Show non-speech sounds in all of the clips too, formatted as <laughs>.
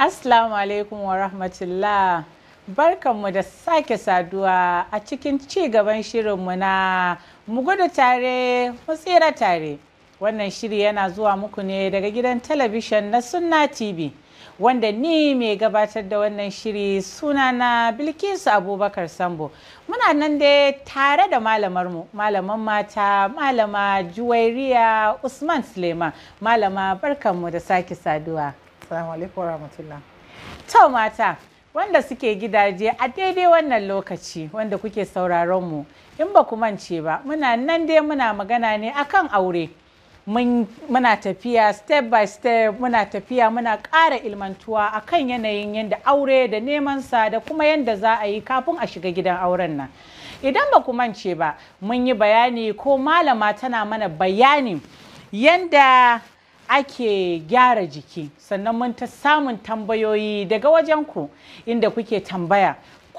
Assalamu alaikum wa rahmatullah. Barkanmu da sake saduwa a cikin ci gaban shirinmu na mu gudu tare, mu tsira tare. Wannan shiri yana zuwa muku ne daga gidan talabishin na Sunna TV. Wanda ni mai gabatar da wannan shiri suna na Bilkisu Abubakar Sambo. Muna nan dai tare da malamarmu, malaman mata, malama Juwairiya Usman Suleiman. Malama barkanmu da sake saduwa. assalamu alaikum warahmatullah mata wanda suke gidaje a daidai wannan lokaci wanda kuke sauraron mu in ba ku mance ba muna nan dai muna magana ne akan aure muna tafiya step by step muna tafiya muna ƙara ilmantuwa akan yanayin yadda aure da nemansa da kuma yadda za a yi kafin a shiga gidan auren nan idan ba ku mance ba mun yi bayani ko malama tana mana bayani yadda ake gyara jiki sannan mun ta samun tambayoyi daga wajen ku inda kuke tambaya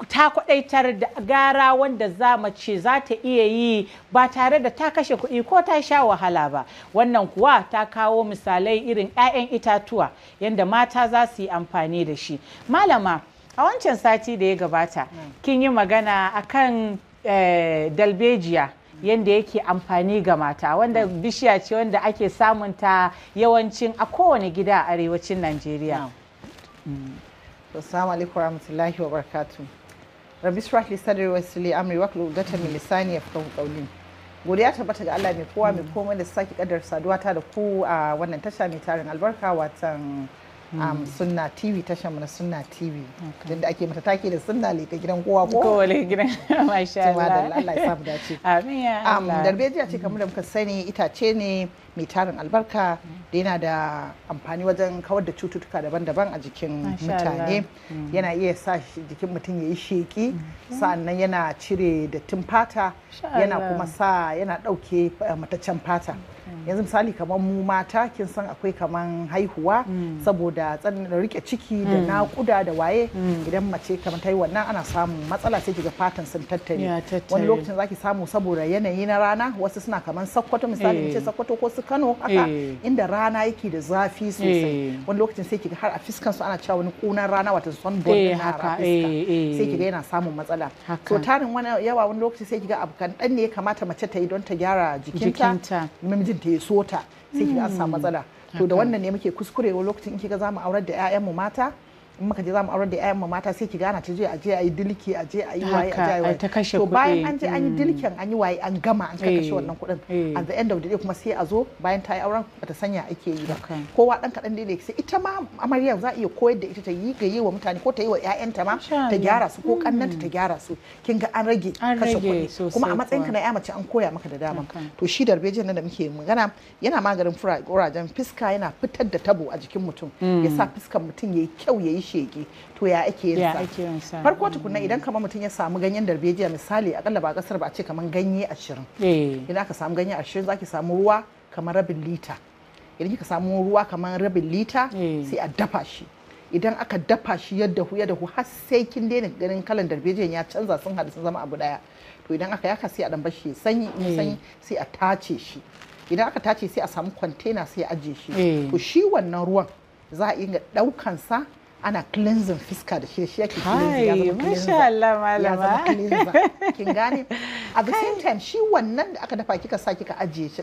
ta kwadaitar da gara wanda za mace za ta iya yi ba tare da ta kashe kuɗi ko ta sha wahala ba wannan kuwa ta kawo misalai irin 'ya'yan itatuwa yadda mata za su yi amfani da shi malama a wancan sati da ya gabata mm. kin yi magana akan eh, dalbejiya yanda yake amfani ga mata wanda mm. bishiya ce wanda ake samun ta yawancin a kowane gida a arewacin najeriya mm. assalamu alaikum warahmatullahi wabarakatuh rabbi shrah sadri wa amri wa hlul uqdatan min lisani godiya tabbata ga Allah mai kowa mai mm. komai da sake kadar saduwa ta da ku a wannan tasha mai tarin albarka watan um, hmm. sunna tv tashar na sunna tv yadda ake mata take da sunna leka gidan kowa ko kowa leka gidan <laughs> masha dace darbejiya ce kamar da hmm. muka sani itace ne mai tarin albarka da yana da amfani wajen kawar da cututtuka daban-daban a jikin mutane hmm. yana iya sa jikin mutum ya yi sheki sa'annan yana cire dattin fata yana kuma sa yana ɗauke eh, mataccen fata Mm. yanzu misali kamar mu mata kin san akwai kamar haihuwa mm. saboda tsanin rike ciki da mm. naƙuda da waye idan mace kamar ta yi wannan ana samun matsala sai kiga fatan sun tattare wani lokacin zaki samu saboda yanayi na rana wasu suna kamar sakkwato misali ce eh. sakkwato ko su Kano haka eh. inda rana yake da zafi sosai eh. wani lokacin sai kiga har a fiskan su ana cewa wani kunan rana wato bon din haka sai kiga yana samun matsala to tarin wani yawa wani lokaci sai kiga abu kan dan ne ya kamata mace ta yi don ta gyara jikinta ta sota sai ki ga an samu hmm. matsala to da wannan ne muke kuskurewa lokacin in kika zamu mu aurar da 'ya'yanmu mata in muka je za mu aure da ƴaƴan mata sai ki gana ta je a je a yi dilki a je a yi waye a je a yi waye to bayan an je an yi mm. dilkin an yi waye an gama an kashe eh, wannan kuɗin eh. at the end of kuma sai a zo bayan ta yi auren bata sanya ake yi ba kowa dan kaɗan dai sai ita ma amaryar za a iya koyar da ita ta yi ga yi wa mutane ko ta yi wa ƴaƴanta ma ta gyara su ko ƙannanta mm. ta gyara su kin ga an rage kashe kuɗi kuma a matsayin ka na ƴa mace an koya maka da dama to shi darbejin nan da muke magana yana maganin kurajen fiska yana fitar da tabo a jikin mutum mm. ya sa fiskan mutum yayi kyau yayi sheki to ya ake yin sa farko tukunna mm. idan kamar mutum ya samu ganyen darbejiya misali akalla ba kasar ba a ce kamar ganye ashirin eh. idan aka samu ganye ashirin zaki samu ruwa kamar rabin lita idan kika samu ruwa kamar rabin lita eh. sai a dafa shi idan aka dafa shi yadda hu yadda hu har sai kin daina ganin kalan darbejiyan ya canza sun hadu sun zama abu daya to idan aka yaka sai a dan bashi sanyi sanyi eh. sai a tace shi idan aka tace sai a samu kwantena sai a ajiye shi to shi wannan ruwan za a inga ɗaukansa sa ana cleansing fiska da shi shi yake cleansing ya zama cleansing ya zama kin gane <laughs> at the same time shi wannan da aka dafa kika sa kika ajiye shi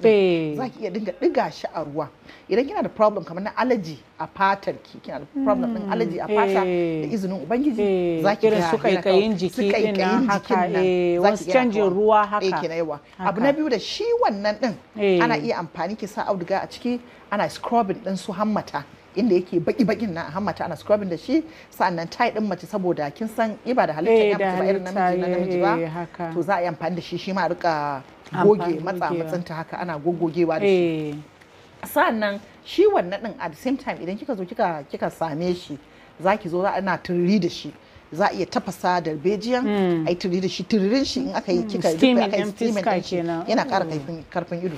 za ki iya dinga diga shi a ruwa idan kina da problem kamar na allergy a fatar ki kina da problem din hmm, allergy a fata da izinin ubangiji za ki iya su yin jiki din haka eh wasu canjin ruwa haka eh kina yawa abu na biyu da shi wannan din eh. ana iya amfani ki sa auduga a ciki ana scrubbing din su hammata inda yake baki bakin na hammata ana scrubbing da shi sannan tie din mace saboda kin san iba da halitta eh, ya mutu ba irin namiji na namiji ba to za a yi amfani da shi shi ma rika goge matsa matsanta haka ana gogogewa da shi eh. sannan shi wannan din at the same time idan kika zo kika kika same shi zaki zo za ana turi da shi za a iya tafasa da hmm. a yi turi da shi turirin shi in aka yi hmm. kika da aka yi shi yana ƙara hmm. karfin ido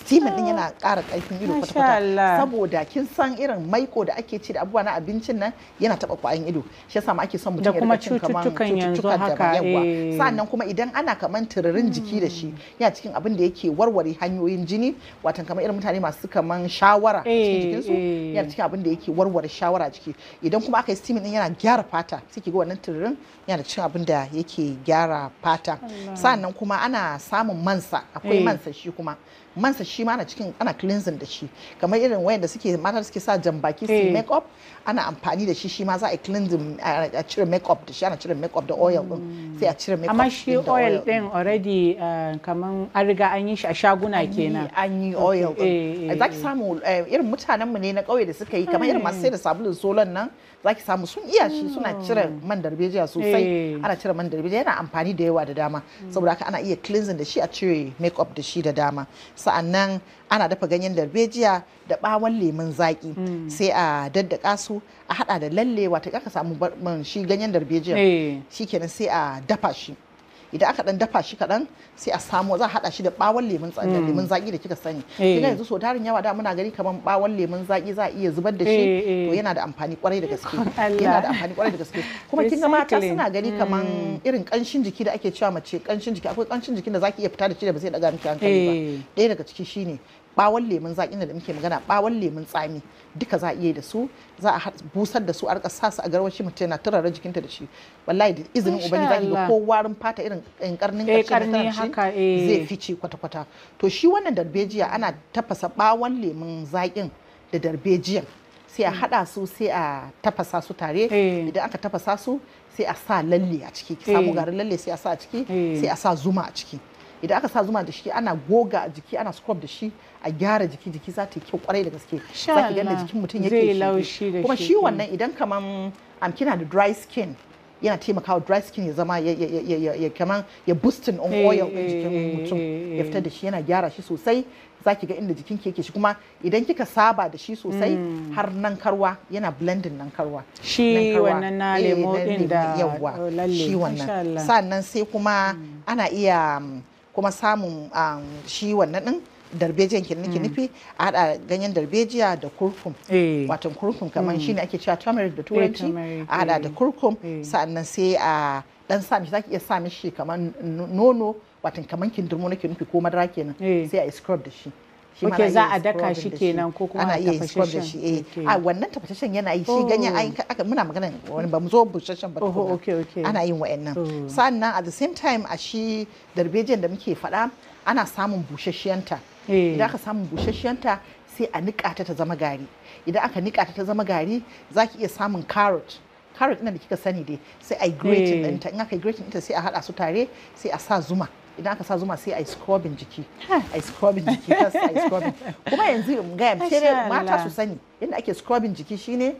steam din ah. yana ƙara ƙarfin ido kwata-kwata saboda kin san irin maiko da ake ci da abubuwa na abincin nan yana taɓa kwayan ido shi yasa ma ake son mutum ya riga cin kaman cututtukan da eh. sannan kuma idan ana kaman tiririn jiki da shi hmm. yana cikin abin da yake warware hanyoyin jini watan kamar irin mutane masu kaman shawara cikin eh, jikinsu eh. yana cikin abin da yake warware shawara jiki idan kuma aka yi steam din yana gyara fata suke ga wannan tururin yana cikin abin da yake gyara fata sannan kuma ana samun mansa akwai mansa shi kuma mansa shi ma ana cikin ana cleansing da shi kamar irin wayanda suke mata suke sa jambaki su eh. make up ana amfani da shi shi ma za a cleansing a cire make up da shi ana cire make up da oil din hmm. sai a cire make up amma shi oil din already eh, kamar an riga an yi shi a shaguna kenan an yi oil din eh, zaki samu irin mutanen mu ne na kauye da suka yi kamar irin masu sai da sabulun solon nan zaki samu sun iya shi suna hmm. cire man darbejiya sosai ana cire man darbejiya yana amfani da yawa da dama hmm. saboda haka ana iya cleansing da shi a cire make up da shi da dama sa'annan ana dafa ganyen darbejiya da bawon lemun zaƙi mm. sai a daddaka su a hada da lalle wata aka samu shi ganyen darbejiya eh. kenan sai a dafa shi idan aka dan dafa shi kaɗan sai a samo za a haɗa shi da ɓawon lemun tsada mm. lemun zaƙi da kika sani eh. kina yanzu so tarin yawa da muna gani kamar ɓawon lemun zaƙi za a iya zubar da shi eh, eh. to yana da amfani kwarai da gaske <laughs> yana da amfani kwarai da gaske kuma kin ga mata suna gani kamar mm. irin kanshin jiki da ake cewa mace kanshin jiki akwai kanshin jikin da zaki iya fita da shi da ba sai daga miki hankali ba ɗaya daga ciki shine bawon lemun zaƙin da muke magana bawon lemun tsami duka za a iya da su za a busar da su a rika sa su a garwashi mutum yana turara jikinta da shi wallahi da izinin ubangiji zaki ga ko warin fata irin karnin karshe na zai fice kwata-kwata to shi wannan darbejiya ana tafasa bawon lemun zaƙin da darbejiya sai a mm. hada su sai a tafasa su tare eh. idan aka tafasa su sai a sa lalle a ciki ki samu eh. garin lalle sai a sa a ciki eh. sai a sa zuma a ciki idan aka sa zuma da shi ana goga a jiki ana scrub da shi a gyara jiki jiki za ta yi kyau kwarai da gaske za ki ganda jikin mutum yake shi kuma shi wannan idan kaman am kina da dry skin yana taimakawa dry skin ya zama ya kaman ya boosting on eh, oil din jikin eh, mutum ya eh. fitar da shi yana gyara shi sosai za ki ga inda jikin yake shi kuma idan kika saba da shi sosai hmm. har nan karwa yana blending nan karwa oh, hmm. shi wannan na lemo din da yawa shi wannan sannan sai kuma ana iya kuma samun shi wannan din darbejiyan ke nake mm. nufi a hada ganyen darbejiya da kurkum eh. watan kurkum kamar mm. shine ake cewa turmeric da eh, turanci a hada da eh, kurkum sannan sai a dan sa mishi zaki iya sa mishi kamar nono wato kamar kindirmo nake nufi ko madara kenan sai a scrub da shi Oke za a daka shi kenan ko kuma ana iya scrub da shi eh a wannan tafashashen yana yi shi ganyen oh. ayin aka muna magana wani ba mu zo bushashen ba ana yin wa'annan oh. sannan at the same time a shi darbejiyan da muke faɗa ana samun bushashiyanta eh. idan aka samun bushashiyanta sai a niƙa ta ta zama gari idan aka niƙa ta ta zama gari zaki iya samun carrot carrot ɗin da kika sani dai sai a yi grating eh. ɗinta in aka yi grating ɗinta sai a haɗa su tare sai a sa zuma idan aka sa zuma sai a scrubbing jiki a scrubbing jiki kas a scrubbing <laughs> kuma yanzu ga sai dai mata su sani inda ake scrubbing jiki shine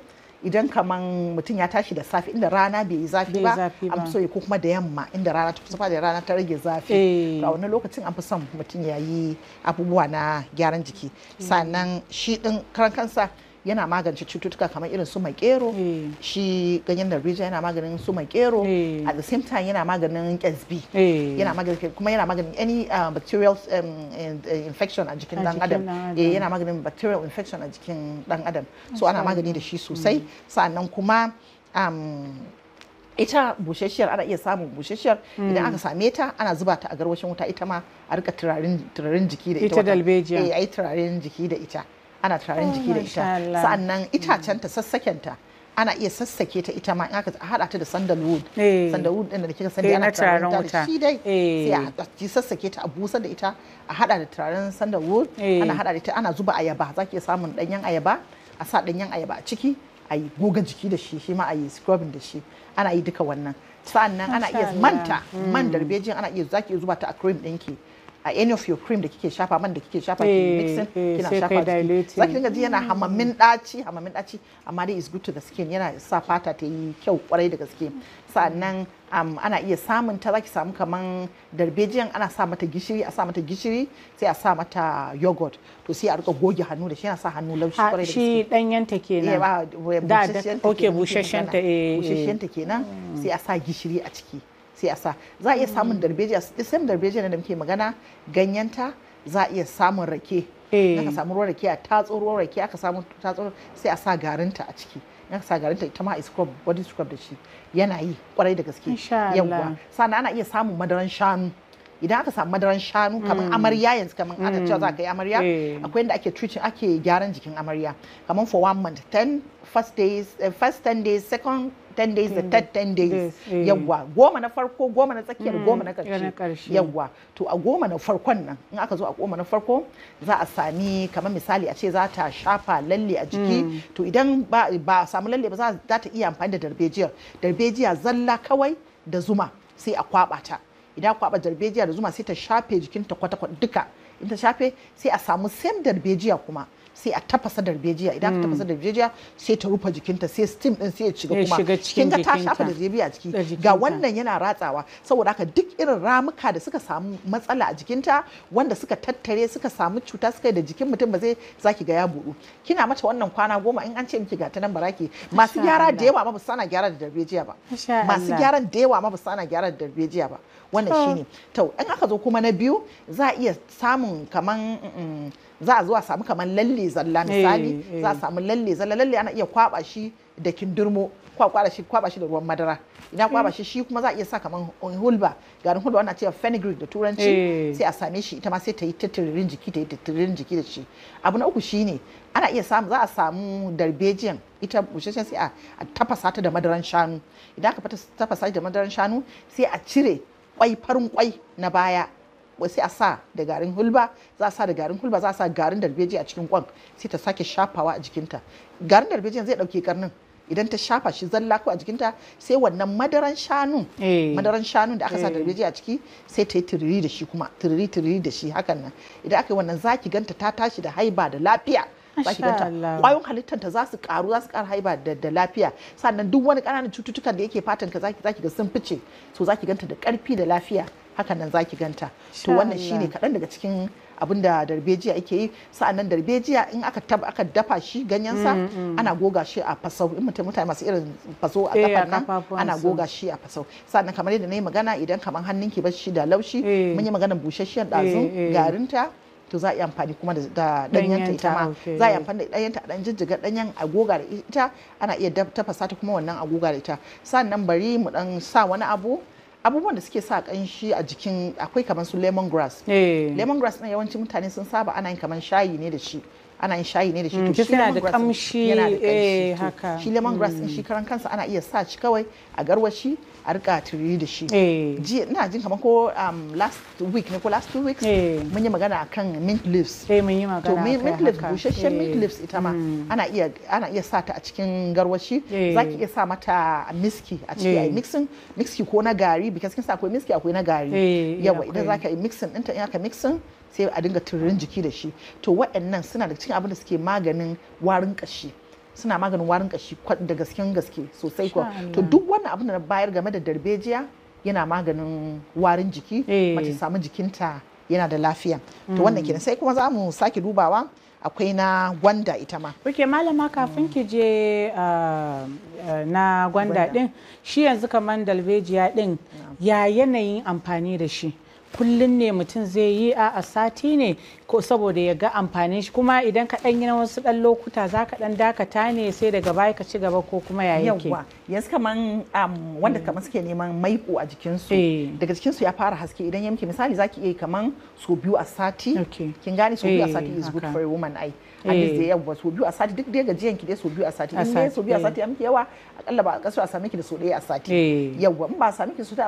idan kaman mutum ya tashi da safe inda rana bai yi zafi ba an so ya ko kuma da yamma inda rana ta kusa da rana ta rage zafi eh. a wani lokacin an fi son mutum ya yi abubuwa na gyaran jiki sannan shi din karan kansa yana magance cututtuka kamar irin su kero. Eh. shi ganyen darbejiya yana maganin su kero. Eh. at the same time yana maganin ƙyasbi eh. yana maganin kuma yana maganin any uh, bacterial um, uh, infection a jikin dan adam yana maganin bacterial infection a jikin dan adam so ana magani da shi mm. sosai sa'annan kuma um, ita bushashiyar ana iya samun bushashiyar mm. idan aka same ta ana zuba ta a garwashin wuta ita ma a rika turarin jiki da ita ita dalbejiya eh ai turarin jiki da ita ana turaren jiki da ita oh, sa'annan itacen ta mm. sassaken ta ana iya sassake ta ita ma in aka hada ta da sandalwood eh. sandalwood din da kika sani eh, ana turaren wuta shi dai eh. sai a sassake ta a busar da ita a hada da turaren sandalwood ana hada da ita ana zuba ayaba zaki samun danyen ayaba a sa danyen ayaba a ciki a yi goga jiki da shi shi ma a yi scrubbing da shi ana yi duka wannan sa'annan ana iya manta mm. man darbejin ana iya zaki zuba ta a cream ɗinki. a uh, any of your cream da kike shafa man da kike shafa ki eh, mixing eh, kina shafa jiki zaki dinga ji yana hamamin daci hamamin daci amma dai is good to the skin yana sa fata ta yi kyau kwarai da gaske sannan um, ana iya samun ta zaki samu kaman darbejiyan ana sa mata gishiri a sa mata gishiri sai a sa mata yogurt to sai a rika goge hannu da shi yana sa hannu laushi kwarai da shi danyen ta kenan eh, da da okay bushashen ta eh bushashen ta kenan sai a sa gishiri a ciki sai a sa za a iya mm. samun darbejiya the same darbejiya da muke magana ganyenta za a iya samun rake aka eh. samu ruwan rake a tatso ruwan rake aka samu tatso sai a sa garinta a ciki na aka sa garinta ita ma a scrub body scrub da shi yana yi kwarai da gaske yawwa sannan ana iya samun madaran shanu idan aka samu madaran shanu kamar mm. amarya yanzu kamar ana cewa za ka yi mm. amarya eh. akwai yadda ake treating ake gyaran jikin amarya kamar for one month ten first days eh, first ten days second Ten days da mm. third ten days eh. yawwa goma na farko goma na tsakiyar mm, goma na karshe yawwa to a goma na farkon nan in aka zo a goma na farko za a sami kamar misali a ce za ta shafa lalle a jiki mm. to idan ba a samu lalle ba za ta iya amfani da darbejiyar darbejiya zalla kawai da zuma sai a kwaba ta idan kwaba darbejiya da zuma sai ta shafe jikinta kwata-kwata duka in ta shafe sai a samu same darbejiya kuma sai a tafasa darbejiya idan aka mm. tafasa darbejiya sai ta rufe jikinta sai steam din sai ya shiga kuma kin ga ta shafa darbejiya a ciki ga wannan yana ratsawa saboda haka duk irin ramuka da suka samu matsala a jikinta wanda suka tattare suka samu cuta suka yi da jikin mutum ba zai zaki ga ya buɗu kina mata wannan kwana goma in an ce miki ga ta nan baraki masu gyara da yawa ma ba sana gyara da darbejiya ba masu gyaran da yawa ma ba gyara da darbejiya ba wannan shine to in aka zo kuma na biyu za a iya samun kaman mm, mm, za a zuwa samu kamar lalle zalla eh, misali eh. za a samu lalle zalla lalle ana iya kwaba shi da kindirmo kwakwara shi kwaba shi da ruwan madara Ina kwaba hmm. shi shi kuma za a iya sa kamar hulba garin hulba ana cewa fenugreek da turanci eh. sai a same shi ita ma sai ta yi tattaririn jiki ta yi tattaririn jiki da shi abu na uku shine ana iya samu za a samu darbejiyan ita bushashen sai a tafasa ta da madaran shanu idan aka tafasa da madaran shanu sai a cire kwai farin kwai na baya sai a sa da garin hulba za a sa da garin hulba za a sa garin darbeji a cikin kwan sai ta sake shafawa a jikinta garin darbeji zai dauke karnin idan ta shafa shi zalla ko a jikinta sai wannan madaran shanu eh. madaran shanu da aka sa eh. darbeji a ciki sai ta yi tiriri da shi kuma tiriri tiriri da shi hakan nan idan aka yi wannan zaki ganta ta tashi da haiba da lafiya zaki halittar ta halittanta za su karu za su kara haiba da lafiya sannan duk wani ƙananan cututtukan da yake fatan ka zaki ga sun fice so zaki ganta da ƙarfi da lafiya Hakan nan zaki ganta to wannan shine kaɗan daga cikin abin da darbejiya ake yi sa'annan darbejiya in aka aka dafa shi ganyensa mm, mm, mm. ana goga shi a fasau in mutum mutane masu irin faso a eh, kafar nan ana goga shi a fasau sa'annan kamar yadda na yi magana idan kamar hannun ki bashi da laushi eh. mun yi maganar busasshen ɗazu eh, garinta to za a yi amfani kuma da ɗanyenta ita ma za a yi amfani da ɗanyenta a ɗan jijjiga ɗanyen agoga da ita ana iya tafasa ta kuma wannan goga da ita sannan bari mu ɗan sa wani abu abubuwan da suke sa kanshi a jikin akwai kamar su lemongrass eh. lemongrass na yawanci mutane sun saba ana yin kamar shayi ne da shi ana yin shayi ne da shi mm, to shi yana da kamshi yana da kamshi eh, shi lemongrass din mm. shi karan kansa ana iya sa shi kawai a garwashi a rika turiri da shi eh. jiya ina jin kamar ko um, last week ne ko last two weeks eh. mun yi magana akan mint leaves eh mun yi magana to mint leaves bushashen mint eh. leaves ita ma mm. ana iya ana iya sa ta a cikin garwashi zaki iya sa mata miski a ciki ai mixing miski ko na gari because kin sa akwai miski akwai na gari yawa idan zaka yi mixing ta in aka mixing sai a dinga turin jiki da shi to waɗannan suna da cikin abin da suke maganin warin kashi suna maganin warin kashi da gasken gaske sosai kuwa to duk wannan abin da na bayar game da darbejiya yana maganin warin jiki eh. mace samu jikinta yana da lafiya to hmm. wannan kenan sai kuma za mu sake dubawa akwai na gwanda ita ma ok malama kafin ki je ah, ah, na gwanda din shi yanzu kamar darbejiya din ya yanayin amfani da shi kullum ne mutum zai yi a sati ne ko saboda ya ga amfanin shi kuma idan ka ɗan yi na wasu ɗan lokuta za ka ɗan dakata ne sai daga baya ka ci gaba ko kuma ya yake yawa yanzu kaman um, wanda mm. kaman suke neman maiko a jikinsu eh. daga jikinsu ya fara haske idan ya miki misali za ki iya kaman so biyu a sati kin gane so biyu a sati eh, is good for a woman ai at least eh. da yawa so biyu a sati duk dai gajiyan ki dai so biyu a sati in ne so biyu a sati ya miki yawa akalla ba a kasu a same ki da so ɗaya a sati yawa in ba a same ki so ɗaya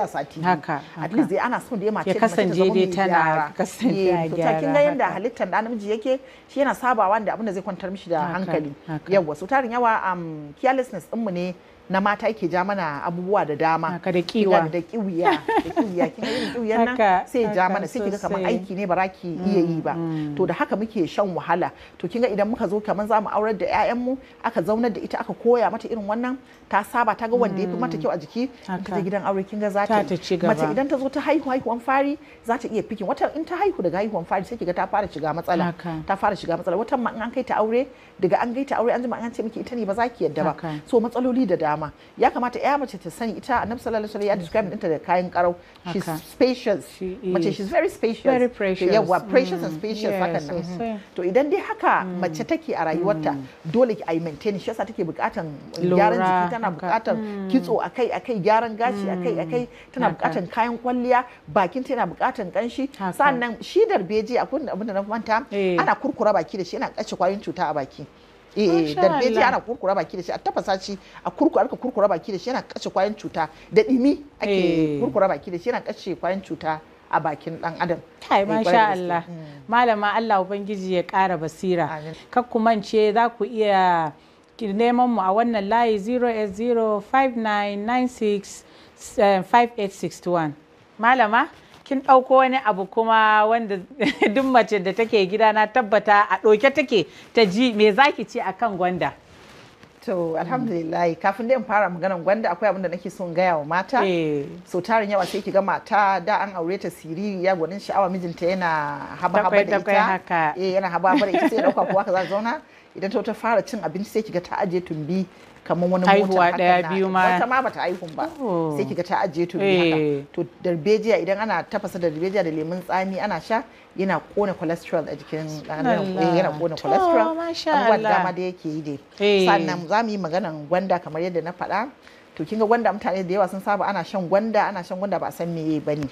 a a sati haka at least dai ana son ya mace ta kasance dai tana kasance halitta kin ga yadda halittar da namiji yake shi yana sabawa da abin da zai kwantar mishi da hankali yawa so tarin yawa um, carelessness ɗinmu ne na mata yake ja mana abubuwa da dama da kiwa da kiwiya da kiwiya kin kiwiyan nan sai ja mana sai kiga kamar aiki ne ba ki iya yi ba to da haka muke shan wahala to kinga idan muka zo kaman zamu aurar da ƴaƴan mu aka zaunar da ita aka koya mata irin wannan ta saba ta ga wanda yafi mata mm. kyau a jiki ta gidan aure kinga za ta mace idan ta zo ta haihu haihuwan fari za ta iya fikin wata in ta haihu daga haihuwan fari sai kiga ta fara shiga matsala ta fara shiga matsala Wata ma in an kai ta aure daga an gaita aure an ma an ce miki ita ne ba za ki yadda ba so matsaloli da dama dama ya kamata ya mace ta sani ita annabi sallallahu alaihi wasallam ya describe ɗinta da kayan karau she's spacious mace she's very spacious very precious well, precious mm. and spacious hakan nan mm-hmm. to idan dai haka mm. mace take a rayuwarta mm. dole ki ai maintain shi yasa take bukatan gyaran jiki tana bukatan kitso akai akai gyaran gashi akai akai tana bukatan kayan kwalliya bakin ta yana bukatan kanshi sannan shi darbeji akwai abin da na manta eh. ana kurkura baki da shi yana kace kwayoyin cuta a baki eh, eh darbeji ana kurkura baki da shi a tafasa shi a kurkura aka kurkura baki da shi yana kashe kwayan cuta da dimi ake eh. kurkura baki da shi yana kashe kwayan cuta a bakin dan adam kai eh, masha Allah mm. malama Allah ubangiji ya kara basira kak ku mance za ku iya neman mu a wannan layi 0805996 5861 malama kin ɗauko wani abu kuma wanda <laughs> duk mace da take gida na tabbata a ɗauke take ta ji me za ki ce akan gwanda to alhamdulillah kafin dai in fara maganan gwanda akwai abin da nake son gaya wa mata eh. so tarin yawa sai ki ga mata da an aure ta siriri ya gwanin sha'awa mijinta yana haba haba da ita eh yana haba haba da ita sai ɗauka kuwa ka zauna idan ta fara cin abinci sai ki ga ta aje tumbi kamar wani haka na biyu ma wata ma bata haihun ba oh. sai kiga ta ajiye to haka eh. to darbejiya idan ana tafasa darbejiya da lemun tsami ana sha yana kona cholesterol a jikin eh, yana kona cholesterol abubuwan dama da yake yi dai eh. sannan za mu yi maganan gwanda kamar yadda na faɗa to ga gwanda mutane da yawa sun saba ana shan gwanda ana shan gwanda ba a san meye ba ne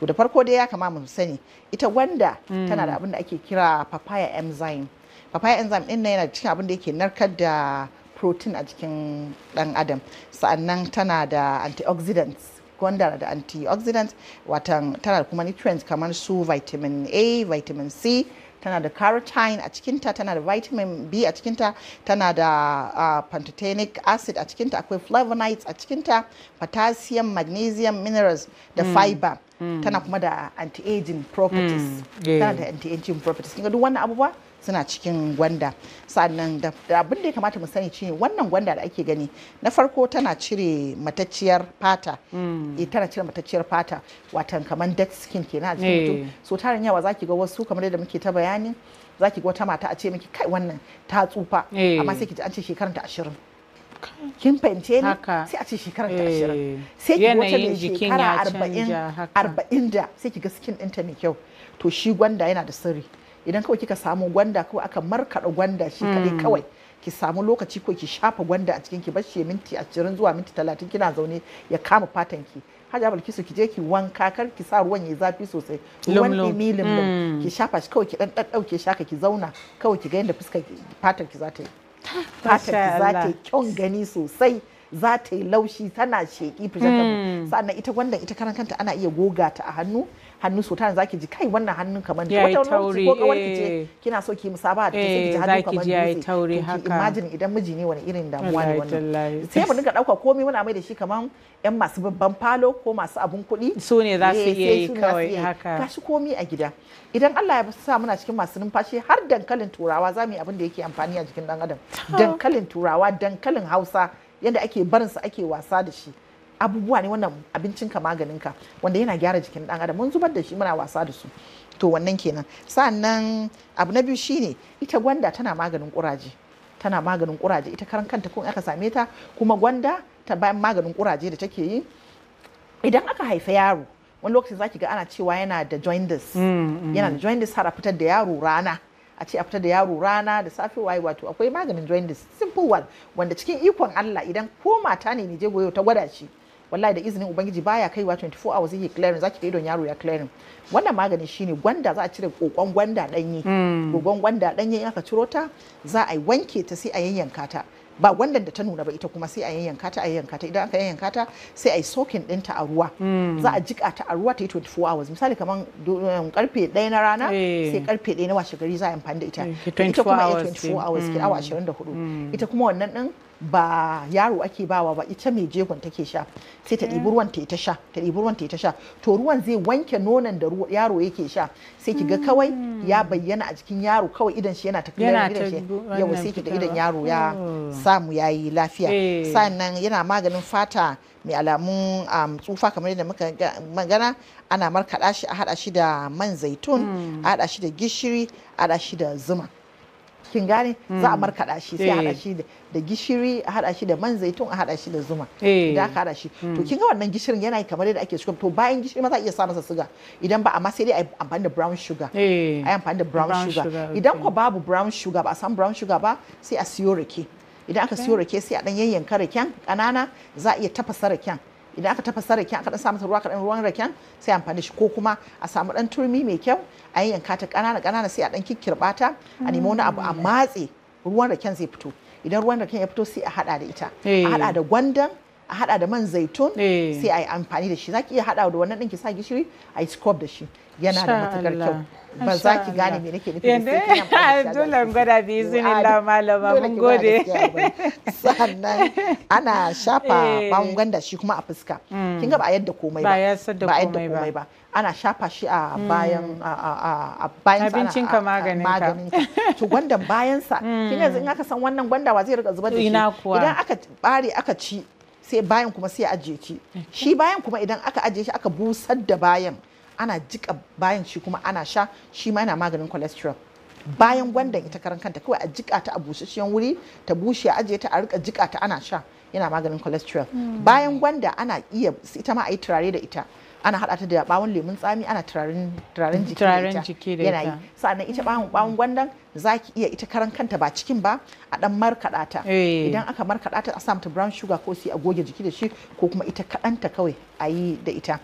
to da farko dai ya kama mu sani ita gwanda hmm. tana da abin da ake kira papaya enzyme papaya enzyme din yana cikin abin da yake narkar da protein a jikin dan adam sa'annan tana da antioxidants gwanda da antioxidants watan tana da kuma nutrients kamar su vitamin a vitamin c tana da carotene a cikinta tana da vitamin b a cikinta tana da uh, pantothenic acid a cikinta akwai flavonoids a cikinta potassium magnesium minerals da mm. fiber mm. tana kuma da anti-aging properties mm. yeah. tana da anti-aging properties duk wannan abubuwa suna cikin gwanda sannan da abin da ya kamata mu sani shine wannan gwanda da ake gani na farko tana cire matacciyar fata mm. eh tana cire matacciyar fata watan kamar dead skin ke a jikin mutum eh. so tarin yawa zaki ga wasu kamar yadda muke ta bayani zaki ga wata mata a ce miki kai wannan ta tsufa eh. amma sai ki ji an ce ta ashirin kin fahimce ni sai a ce shekarar ta eh. ashirin sai ki wata mai shekara arba'in da sai ki ga skin ɗinta mai kyau to shi gwanda yana da sirri idan kawai kika samu gwanda kawai aka markaɗa gwanda shi kaɗai hmm. kawai ki samu lokaci ko ki shafa gwanda a cikin ki shi minti ashirin zuwa minti talatin kina zaune ya kama fatan ki haja balkisu ki je ki wanka kar ki sa ruwan ya zafi sosai ruwan dimi limlim hmm. ki shafa shi kawai ki ɗan ɗauke shaka ki zauna kawai ki ga yadda fuskar fatan ki za ta yi fatan ki za ta yi kyan gani sosai za ta yi laushi tana sheƙi presentable hmm. sannan ita wanda ita karan kanta ana iya goga ta a hannu hannu so tana zaki ji kai wannan hannun kamar ta wata wani ko kawar ki je eh. kina so ki musaba da ki ji eh, hannu kamar dutse to ki imagine idan miji ne wani irin damuwa ne wannan sai mu dinga dauka komai muna mai da shi kamar yan masu babban falo ko masu abun kuɗi su ne za su eh, iya yi kawai haka gashi komai a gida idan Allah ya sa muna cikin masu numfashi har dankalin turawa za mu yi abin da yake amfani a jikin dan adam dankalin turawa dankalin hausa yadda ake barinsa ake wasa da shi abubuwa ne wannan abincinka maganinka wanda yana gyara jikin dan adam mun zubar da shi muna wasa da su to wannan kenan sannan abu na biyu shine ita gwanda tana maganin kuraje tana maganin kuraje ita karan kanta ko aka same ta kuma gwanda ta bayan maganin kuraje da take yi idan aka haifa yaro wani lokaci zaki ga ana cewa yana da jaundice mm, mm. yana da jaundice har a fitar da yaro rana a ce a fita da yaro rana da safe waye wato akwai maganin join disease simple one wanda cikin ikon Allah idan ko mata ne ne je goyo ta gwada shi wallahi da izinin ubangiji baya kaiwa 24 hours yake clearing zaki ga idon yaro ya clearing wannan magani shine gwanda za a cire kokon gwanda danye hmm. kokon gwanda danye in aka ciro ta za a wanke ta sai a yayyanka ta ba wannan da ta nuna ba ita kuma sai a yayyanka ta a yayyanka ta idan aka yayyanka ta sai a yi soaking ta a ruwa mm. za a jika ta a ruwa ta yi 24 hours misali kamar um, karfe 1 na rana eh. sai karfe 1 na washe gari za a amfani da ita eh, ita kuma 24 hours ke awa 24 mm. mm. ita kuma wannan din ba yaro ake bawa ba ita mai jegon take sha sai ta eh. ɗibi ruwan ta sha ta ɗibi ruwan ta sha to ruwan zai wanke nonon da yaro yake sha sai ki ga kawai hmm. ya bayyana a cikin yaro kawai idan shi yana tafiya idan shi yau sai ki ga idan yaro ya oh. samu yayi lafiya eh. sannan yana maganin fata mai alamun um, tsufa kamar yadda muka magana ana markaɗa shi a haɗa shi da man zaitun hmm. a haɗa shi da gishiri a haɗa shi da zuma kin gane za a hmm. markaɗa shi sai a haɗa eh. shi da. da gishiri a hada shi da man zaitun a hada shi da zuma eh. da aka hada shi to hmm. kin ga wannan gishirin yana kamar yadda ake cikin to bayan gishiri ma za a iya sa masa suga idan ba amma sai dai a amfani da brown sugar eh. a yi amfani da brown sugar idan ko babu brown sugar ba a san brown sugar ba sai a siyo rake idan aka siyo rake sai a dan yayyanka raken kanana za a iya tafasa raken idan aka tafasa raken aka dan sa masa ruwa kadan ruwan raken sai amfani shi ko kuma a samu dan turmi mai kyau a yayyanka ta kanana kanana sai a dan kikkirba a nemi wani abu a hmm. matse ruwan raken zai fito idan ruwan da kan ya fito sai a hada da ita a eh. hada da gwandan a hada da man zaitun eh. sai a yi amfani da shi zaki iya hada da wannan din ki sa gishiri a yi scrub da shi yana da matukar kyau ba za ki gane me nake nufi da <laughs> dole in gwada bi izini Allah malama mun gode <laughs> sannan ana shafa bangon eh. da shi kuma a fuska mm. kin ga ba yadda komai ba ba yadda komai ba ana shafa shi a mm. bayan a bayan abincin ka maganin ka to gwandan bayan sa kin ga mm. in aka san wannan gwanda wa zai rika zubar da shi idan aka bare aka ci sai bayan kuma sai ajiye shi shi bayan kuma idan aka ajiye shi aka busar da bayan ana jika bayan shi kuma ana sha shi ma yana maganin cholesterol bayan gwandan ita karan kanta kawai a jika ta a busasshen wuri ta bushe a ajiye ta a rika jika ta ana sha yana maganin cholesterol hmm. bayan gwanda ana iya ita ma a yi turare da ita ana haɗa ta da bawon lemun tsami ana turaren turaren jiki da ita yana yi sa'annan ita bawon bawon gwandan ki iya ita karan kanta ba cikin ba a dan markaɗa ta eh. idan aka markaɗa ta a sa mata brown sugar ko sai a goge jiki da shi ko kuma ita kaɗanta kawai a yi da ita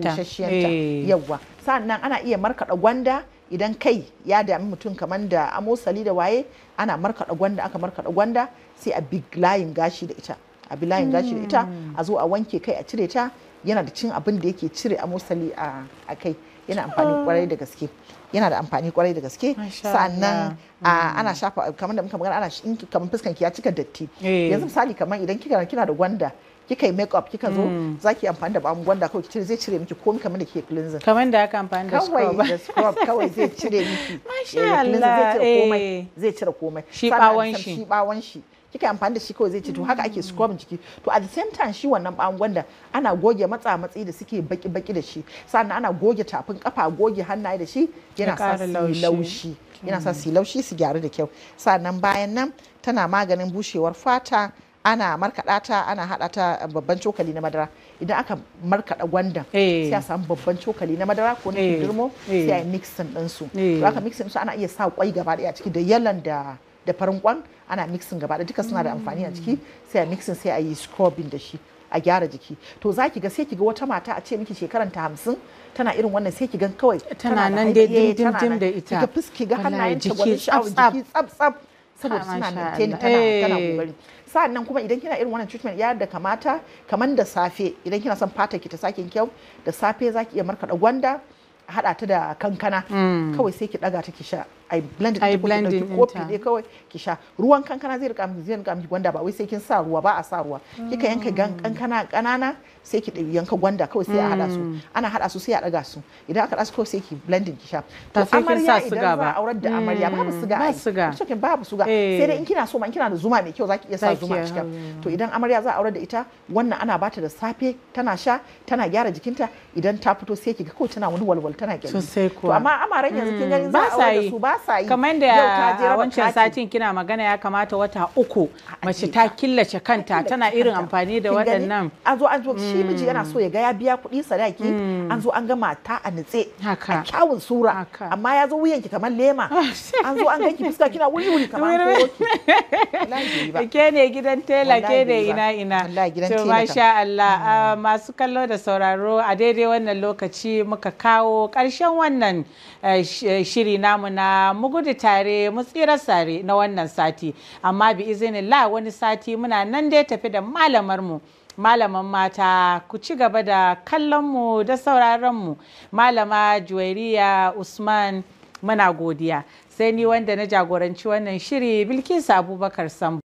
ta eh. yawwa sa'annan ana iya markaɗa gwanda idan kai ya dami mutum kamar da amosali da waye ana markaɗa gwanda aka markaɗa gwanda sai a bi layin gashi da ita a bi layin gashi da ita mm. a zo a wanke kai a cire ta yana da cin abin da yake cire amosali a kai yana amfani kwarai da gaske yana da amfani kwarai da gaske sannan mm. ana shafa kamar da muka magana ana kamar fuskan ki ya cika datti eh. yanzu misali kamar idan kika kina da gwanda kika yi makeup kika zo mm. zaki amfani da bawon gwanda kawai cire zai cire miki komai kamar da ke cleanser kamar da aka amfani da scrub kawai da scrub kawai zai cire miki <laughs> masha Allah eh, zai cire komai eh. zai cire komai shi bawon shi shi bawon shi kika amfani da shi kawai zai ce to mm. haka ake scrubbing jiki to at the same time shi wannan bawon gwanda ana goge matsa matsi da suke baki baki da shi sannan ana goge tafin kafa goge hannaye da shi yana sa laushi yana sa su laushi su gyaru da kyau sannan bayan nan tana maganin bushewar fata ana markaɗa ta ana haɗa ta babban cokali na madara idan aka markaɗa gwanda eh. sai a samu babban cokali na madara ko na eh. kudurmo sai a yi eh. mixin ɗinsu to aka mixin su ana iya sa kwai gaba ɗaya ciki da yalan da da farin kwan ana mixing gaba da duka suna da amfani a ciki sai a mixing sai a yi scrubbing da shi a gyara jiki to za ki ga sai ki ga wata mata a ce miki shekaran ta hamsin tana irin wannan sai ki gan kawai tana nan dai eh, dindim da ita ki fuski ga hannayen ta gwani sha'awar jiki tsab tsab saboda suna nan tana tana kokari eh. sa'annan kuma idan kina irin wannan treatment ya da kamata kaman da safe idan kina son fatar ki ta sakin kyau da safe zaki iya markaɗa gwanda a haɗa ta da kankana mm. kawai sai ki ɗaga ta ki sha ai blend ai blending ki kofi dai kawai ki sha ruwan kankana zai rika miki zai rika miki gwanda ba wai sai kin sa ruwa ba a sa ruwa kika yanka mm. kankana kanana sai ki yanka gwanda kawai sai a hada su mm. ana hada su sai a daga su idan aka dasu kawai sai ki blending ki sha to amarya idan za a aurar da amarya babu mm. suga ai cikin babu suga sai eh. dai in kina so ma in kina da zuma mai kyau zaki iya sa zuma a cikin to idan amarya za a aurar da ita wannan ana bata da safe tana sha tana gyara jikinta idan ta fito sai ki ga kawai tana wani walwal tana kyalli to amma amaran yanzu kin gani za a aurar da su ba sa yi kamar da wancan satin kina magana ya kamata wata uku mace ta killace kanta tana irin amfani da waɗannan an zo an zo shi mm. miji yana so ya ga ya biya kuɗi sadaki an zo an ga mata a nitse a kyawun sura amma ya zo wuyanki kamar lema <laughs> oh, an zo an ganki fuska kina wuri wuri kamar <laughs> ke ne gidan tela ke ne ina ina to masha Allah mm. ah, masu kallo da sauraro a daidai wannan lokaci muka kawo ƙarshen wannan eh, eh, shiri namu na mu gudu tare mu tsira sare na wannan sati amma bi la wani sati muna nan dai tafi da malamar mu malaman mata ku ci gaba da kallon mu da sauraron mu malama juwairiya usman muna godiya sai ni wanda na jagoranci wannan shiri bilkisu abubakar sambo